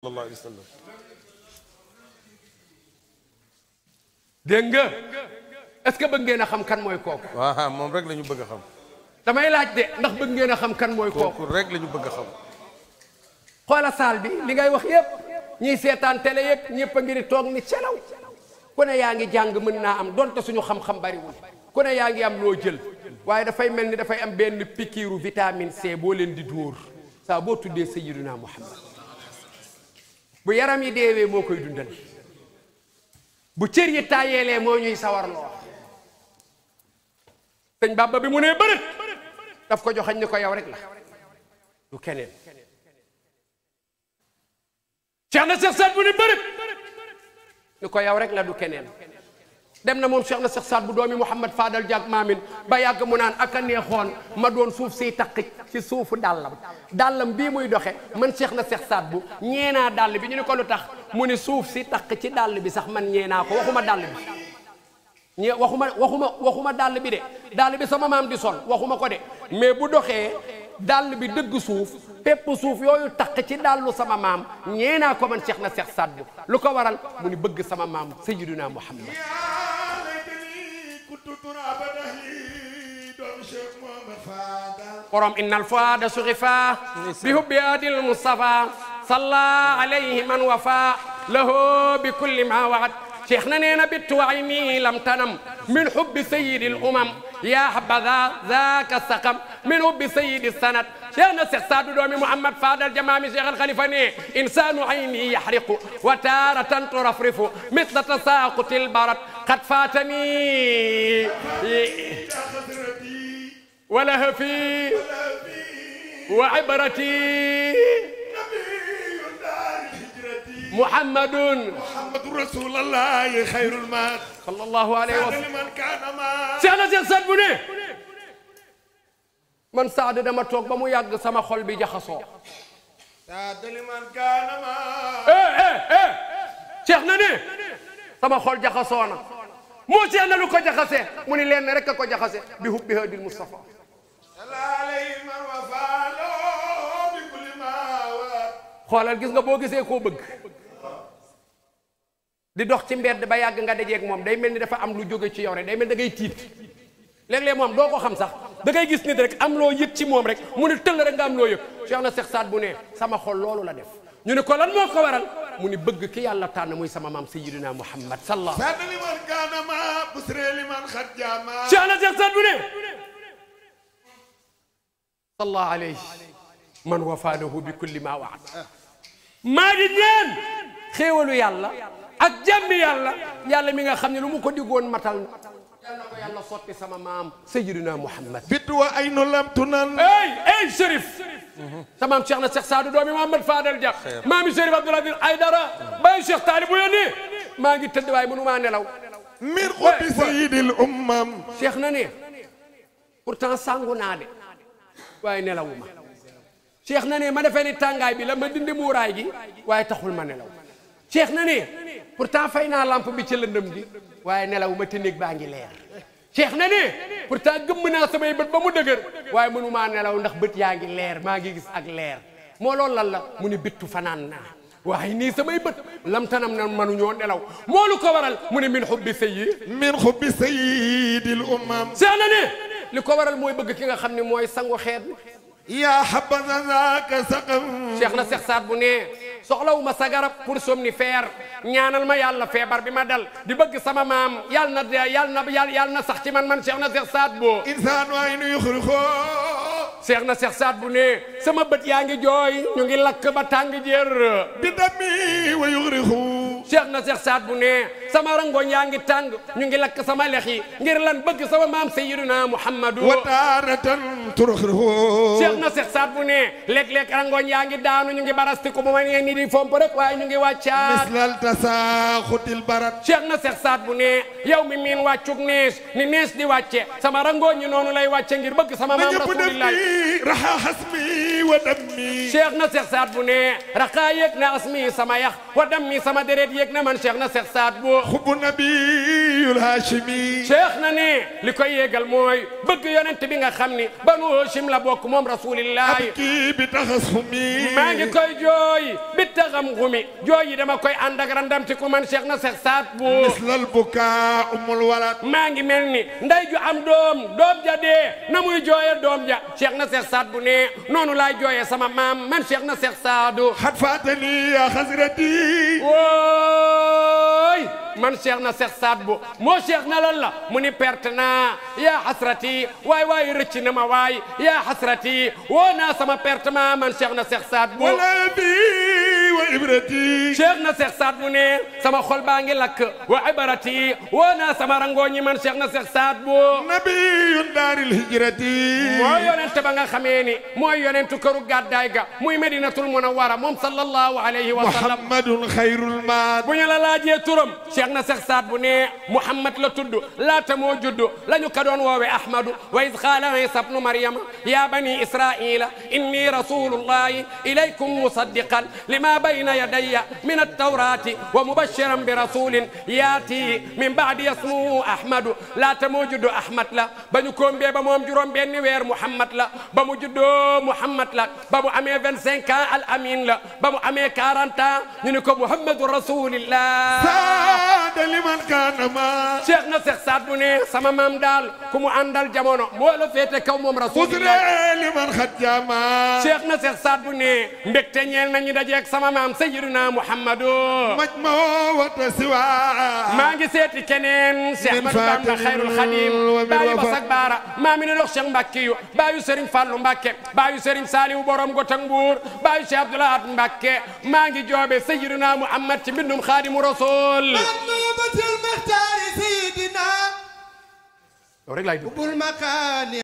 sallallahu alayhi wa dégg nga est-ce que bëgg ngeen a xam kan mooy kooku. moom rek lañu bëgg a xam. damay laaj de ndax bëgg ngeen a xam kan mooy kooku. rek lañu bëgg a xam. xoola saal bi li ngay wax yépp ñiy seetaan télé yépp ñëpp a ngi di toog ni celaw ku ne yaa ngi jàng mën naa am donte suñu xam-xam bariwul ku ne yaa ngi am loo jël waaye dafay mel ni dafay am benn pikiiru vitamine C boo leen di dóor saa boo tuddee sayyiduna Muhammad bu yaram yi deewee moo koy dundal bu cër yi taayeelee moo ñuy sawarloo sëñ Bàmba bi mu nee bërët daf ko joxañ ni ko yow rek la du keneen Cheikh na Cheikh Saad bërët ni ko yow rek la du keneen dem na moom Cheikh na Cheikh Saad bu doomi Mouhamad faadal Diak Maamin ba yàgg mu naan ak neexoon ma doon suuf siy taq si suufu dàllam dàllam bii muy doxe man Cheikh na Cheikh Saad bu ñeenaa dàll bi ñu ne ko lu tax mu ne suuf si taq ci dàll bi sax man ñeenaa ko waxuma dàll bi ñee waxuma waxuma waxuma dàll bi de dàll bi sama maam di sol waxuma ko de mais bu doxee dàll bi dëgg suuf pépp suuf yooyu taq ci dàllu sama maam ñeenaa ko man seex na seex Saad bu lu ko waral mu ni bëgg sama maam Sayyiduna Muhammad borom innal fuada suxifa bi hubbi adil mustafa salla alayhi man wafa lahu bi kulli ma waad cheikh na nee na bittu wa ayni lam tanam min hubbi sayyidil umam ya habada zaaka saqam min hubbi sayyidi sanad cheikh na Seex Saadu doomi Muhammad Faadal jamaami cheikh al Khalifa ne insaanu ayni yahriqu wa taaratan turafrifu misla tasaaqutil barat qad faatani wa lahafi wa ibrati Muhammadun Rasuulullaahi xayrul maat sallallahu alayhi wa sallam man Saadu dama toog ba mu yàgg sama xol bi jaxasoo. Eh, eh, eh. ceex na ne sama xol jaxasoo na moo ceex na lu ko jaxase mu ni leen rek a ko jaxase bi hubbi hadil Mustafa xoolal gis nga boo gisee koo bëgg di dox ci mbedd ba yàgg nga dajeeg moom day mel ni dafa am lu jóge ci yow rek day mel da ngay tiit léeg-léeg moom doo ko xam sax da ngay gis nit rek am loo yëg ci moom rek mu ne tëll rek am loo yëg Cheikh na Cheikh Saad bu ne sama xol lool la def ñu ne ko lan moo ko waral mu ni bëgg ki yàlla tànn muy sama maam sayyidina Muhammad sallallahu sadd liman ganama busre liman na Cheikh Saad bu ne sallallahu alayhi man wafaadahu bi kulli ma waad maa di ñaan ak jàmmi yàlla yàlla mi nga xam ne lu mu ko diggoon matal na sotti sama maam Seydina Muhammad bidwa aynu lam tunan ey ey Chérif samaam Cheikh na Cheikh Saadu doomi Muhammad Fadel Dia maami Chérif Abdoul Aziz Aydara bay Cheikh Taalib maa ngi tëdd waaye mënu maa nelaw min xubbi sayyidil ummam Cheikh na ne pourtant sangu naa de waaye nelawuma Cheikh na ne ma defee ni tàngaay bi la ma dindi muuraay gi waaye taxul ma nelaw Cheikh na ne pourtant fay naa lampe bi ci lëndëm gi waaye nelaw te néeg baa ngi leer cheikh na ne pourtant gëmm naa samay bët ba mu dëgër waaye mënumaa nelaw ndax bët yaa ngi leer maa ngi gis ak leer moo loolu lan la mu ni bittu fanaan naa waaye nii samay bët lam tanam na mënuñoo nelaw moo lu ko waral mu ne min xubbi sayid min xubbi sayidil umam cheikh na ne li ko waral mooy bëgg ki nga xam ne mooy sangu xeet yaa habazaka saqam cheikh na Cheikh Saad bu nee ma sa garab ni feer ñaanal ma yàlla feebar bi ma dal di bëgg sama maam yàlla na yàlla na yàlla na sax ci man man seex na Cheikh Saad Bou insaan waay nu yuxrixoo seex na seex saat bu ne sama bët yaa ngi jooy ñu ngi lakk ba tàng jër bi dami wa yuxrixu seex na seex saat bu ne sama rangoon yaa ngi tàng ñu ngi lakk sama lex yi ngir lan bëgg sama maam sayyiduna Muhammadu wa taaratan turux Cheikh na Cheikh Saad bu ne léeg-léeg rangoñ yaa ngi daanu ñu ngi barastiku bu ma ngeen ni di rek waaye ñu ngi wàccaat mislal tasaaxutil barat Cheikh na Cheikh Saad bu ne yow mi miin wàccuk nees ni nees di wàcce sama rangoñ ñi noonu lay wàcce ngir bëgg sama maam rasulillahi raxa xasmi wa dammi Cheikh na Cheikh Saad bu ne raxaa yéeg na asmi sama yax wa dammi sama deret yéeg na man Cheikh na Cheikh Saad bu xubbu nabiyul hashimi Cheikh na ne li Haashim la bokk moom rasulillahi abki bi taxassumi maa ngi koy jooy bi xumi jooy yi dama koy ànd ak randam ti ku man Cheikh na Cheikh Saad bu mislal buka umul walad maa ngi mel ni nday ju am doom doom ja dee na muy jooye doom ja Cheikh na Cheikh Saad bu ne noonu laay jooye sama maam man Cheikh na Cheikh Saadu xat faatani ya xasrati man cheikh na cheikh saad bu moo cheikh na lan la mu ni perte naa yaa xasrati waay waay rëcc na ma waay yaa xasrati woo naa sama perte man cheikh na cheikh saad bu ibrati cheikh na cheikh saad bu ne sama xol baa ngi lakk wa ibrati woo naa sama rangoo ñi man cheikh na cheikh saad bu nabiyun daaril hijrati mooy yonent ba nga xamee ni mooy yonentu këru gàddaay ga muy medinatul munawwara moom sallallahu alayhi wa sallam muhammadun xayrul maad bu ñu la laajee turam cheikh na cheikh saad bu ne muhammad la tudd laata moo judd lañu ka doon woowe ahmadu wa iz qaala isa bnu maryama ya bani israila inni rasulullahi ilaykum musaddiqan lima bay بين يدي من التوراة ومبشرا برسول ياتي من بعد اسمه أحمد لا تموجد أحمد لا بنكون بيبا موم جروم بين وير محمد لا بموجدو محمد لا بمو أمي 25 ans الأمين لا بمو أمي 40 ans نكون محمد رسول الله liman kanama cheikh na cheikh saat mu ne sama maam daal ku mu àndal jamono moo la féete kaw moom rasulullah liman xat jama cheikh na cheikh saat mu ne mbégte ñeel nañu dajeeg sama maam sayyiduna muhammadu maj ma wata siwa maa ngi seeti keneen cheikh mat bamba xayrul xadim baayu basak baara maa mi ne lox cheikh mbàkke yu baayu sëriñ fàllu mbàkke baayu sëriñ saaliw borom gotak mbuur baayu cheikh abdoulahat mbàkke maa ngi joobe sayyiduna muhammad ci mbindum xaadimu rasul bul makaani